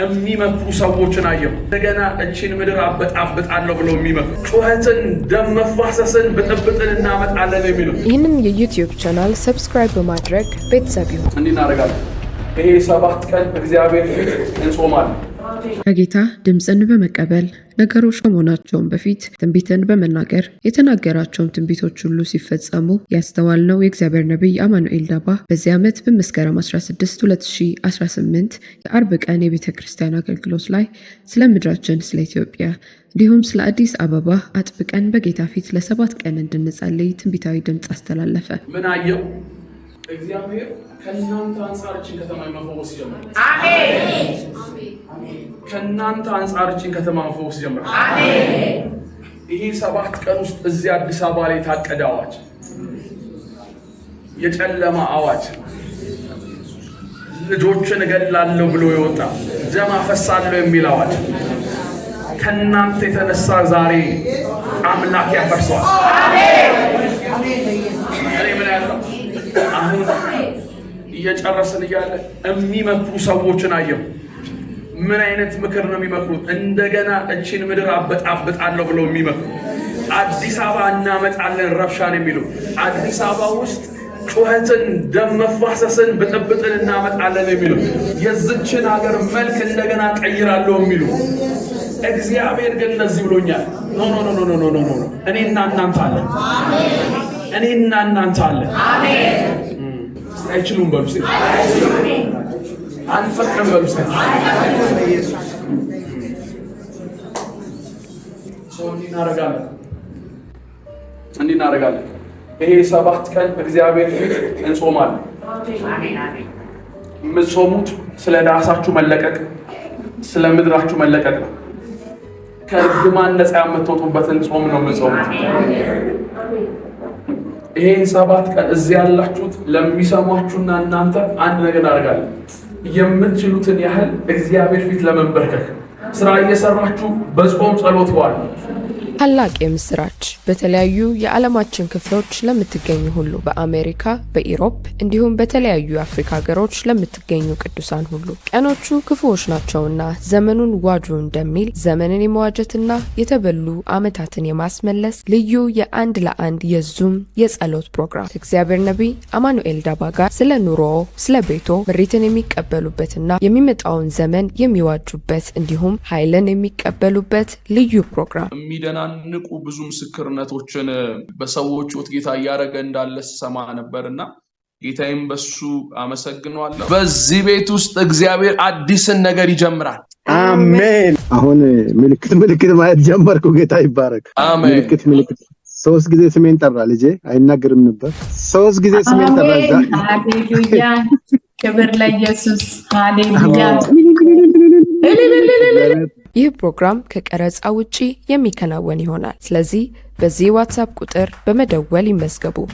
የሚመክሩ ሰዎችን አየሁ። እንደገና እቺን ምድር አበጣብጣለሁ ብለው የሚመኩ ጩኸትን፣ ደም መፋሰስን፣ ብጥብጥን እናመጣለን የሚሉ ይህንን የዩቲዩብ ቻናል ሰብስክራይብ በማድረግ ቤተሰብ ይሁን። እንዲህ እናደርጋለን። ይሄ ሰባት ቀን እግዚአብሔር ፊት እንጾማለን። ከጌታ ድምፅን በመቀበል ነገሮች ከመሆናቸውን በፊት ትንቢትን በመናገር የተናገራቸውን ትንቢቶች ሁሉ ሲፈጸሙ ያስተዋልነው የእግዚአብሔር ነቢይ አማኑኤል ዳባ በዚህ ዓመት በመስከረም 16 2018 የአርብ ቀን የቤተ ክርስቲያን አገልግሎት ላይ ስለ ምድራችን፣ ስለ ኢትዮጵያ እንዲሁም ስለ አዲስ አበባ አጥብቀን በጌታ ፊት ለሰባት ቀን እንድንጸልይ ትንቢታዊ ድምፅ አስተላለፈ። ምን አየው? እግዚአብሔር ከእናንተ አንጻር ይህችን ከተማ መፈወስ ጀመረ። አሜን ከእናንተ አንጻርችን ከተማ መፈወስ ጀምራል። ይሄ ሰባት ቀን ውስጥ እዚህ አዲስ አበባ ላይ የታቀደ አዋጅ፣ የጨለማ አዋጅ፣ ልጆችን እገላለሁ ብሎ የወጣ ደም አፈሳለሁ የሚል አዋጅ ከእናንተ የተነሳ ዛሬ አምላክ ያፈርሰዋል። እኔ ምን ያለው አሁን እየጨረስን እያለ የሚመክሩ ሰዎችን አየሁ። ምን አይነት ምክር ነው የሚመክሩት? እንደገና እችን ምድር አበጣብጣለሁ ብለው የሚመክሩ አዲስ አበባ እናመጣለን ረብሻን የሚሉ አዲስ አበባ ውስጥ ጩኸትን፣ ደም መፋሰስን፣ ብጥብጥን እናመጣለን የሚሉ የዝችን ሀገር መልክ እንደገና ቀይራለሁ የሚሉ እግዚአብሔር ግን እነዚህ ብሎኛል። ኖ ኖ ኖ ኖ ኖ ኖ እኔና እናንተ አለን። እኔና እናንተ አለን። አይችሉም በሉ አልፈቅድም በሉ። እንዲህ እናደርጋለን። ይሄ ሰባት ቀን እግዚአብሔር ፊት እንጾማለን። የምትጾሙት ስለ ራሳችሁ መለቀቅ፣ ስለ ምድራችሁ መለቀቅ ነው። ከእርግማን ነፃ የምትወጡበትን ጾም ነው የምትጾሙት። ይሄን ሰባት ቀን እዚህ ያላችሁት ለሚሰማችሁና እናንተ አንድ ነገር እናደርጋለን። የምትችሉትን ያህል እግዚአብሔር ፊት ለመንበርከክ ስራ እየሰራችሁ በጾም ጸሎት በዋል ታላቅ የምስራች! በተለያዩ የዓለማችን ክፍሎች ለምትገኙ ሁሉ በአሜሪካ፣ በኢሮፕ እንዲሁም በተለያዩ የአፍሪካ ሀገሮች ለምትገኙ ቅዱሳን ሁሉ ቀኖቹ ክፉዎች ናቸውና ዘመኑን ዋጁ እንደሚል ዘመንን የመዋጀትና የተበሉ አመታትን የማስመለስ ልዩ የአንድ ለአንድ የዙም የጸሎት ፕሮግራም እግዚአብሔር ነቢይ አማኑኤል ዳባ ጋር ስለ ኑሮ፣ ስለ ቤቶ ምሪትን የሚቀበሉበትና የሚመጣውን ዘመን የሚዋጁበት እንዲሁም ኃይልን የሚቀበሉበት ልዩ ፕሮግራም የሚያንቁ ብዙ ምስክርነቶችን በሰዎች ውት ጌታ እያደረገ እንዳለ ስሰማ ነበር እና ጌታዬም በሱ አመሰግነዋለሁ። በዚህ ቤት ውስጥ እግዚአብሔር አዲስን ነገር ይጀምራል። አሜን። አሁን ምልክት ምልክት ማየት ጀመርኩ። ጌታ ይባረክ። ምልክት ምልክት ሶስት ጊዜ ስሜን ጠራ። ልጄ አይናገርም ነበር። ሶስት ጊዜ ስሜን ጠራ። ሃሌሉያ! ክብር ለኢየሱስ! ሃሌሉያ! ይህ ፕሮግራም ከቀረጻ ውጪ የሚከናወን ይሆናል። ስለዚህ በዚህ ዋትሳፕ ቁጥር በመደወል ይመዝገቡ።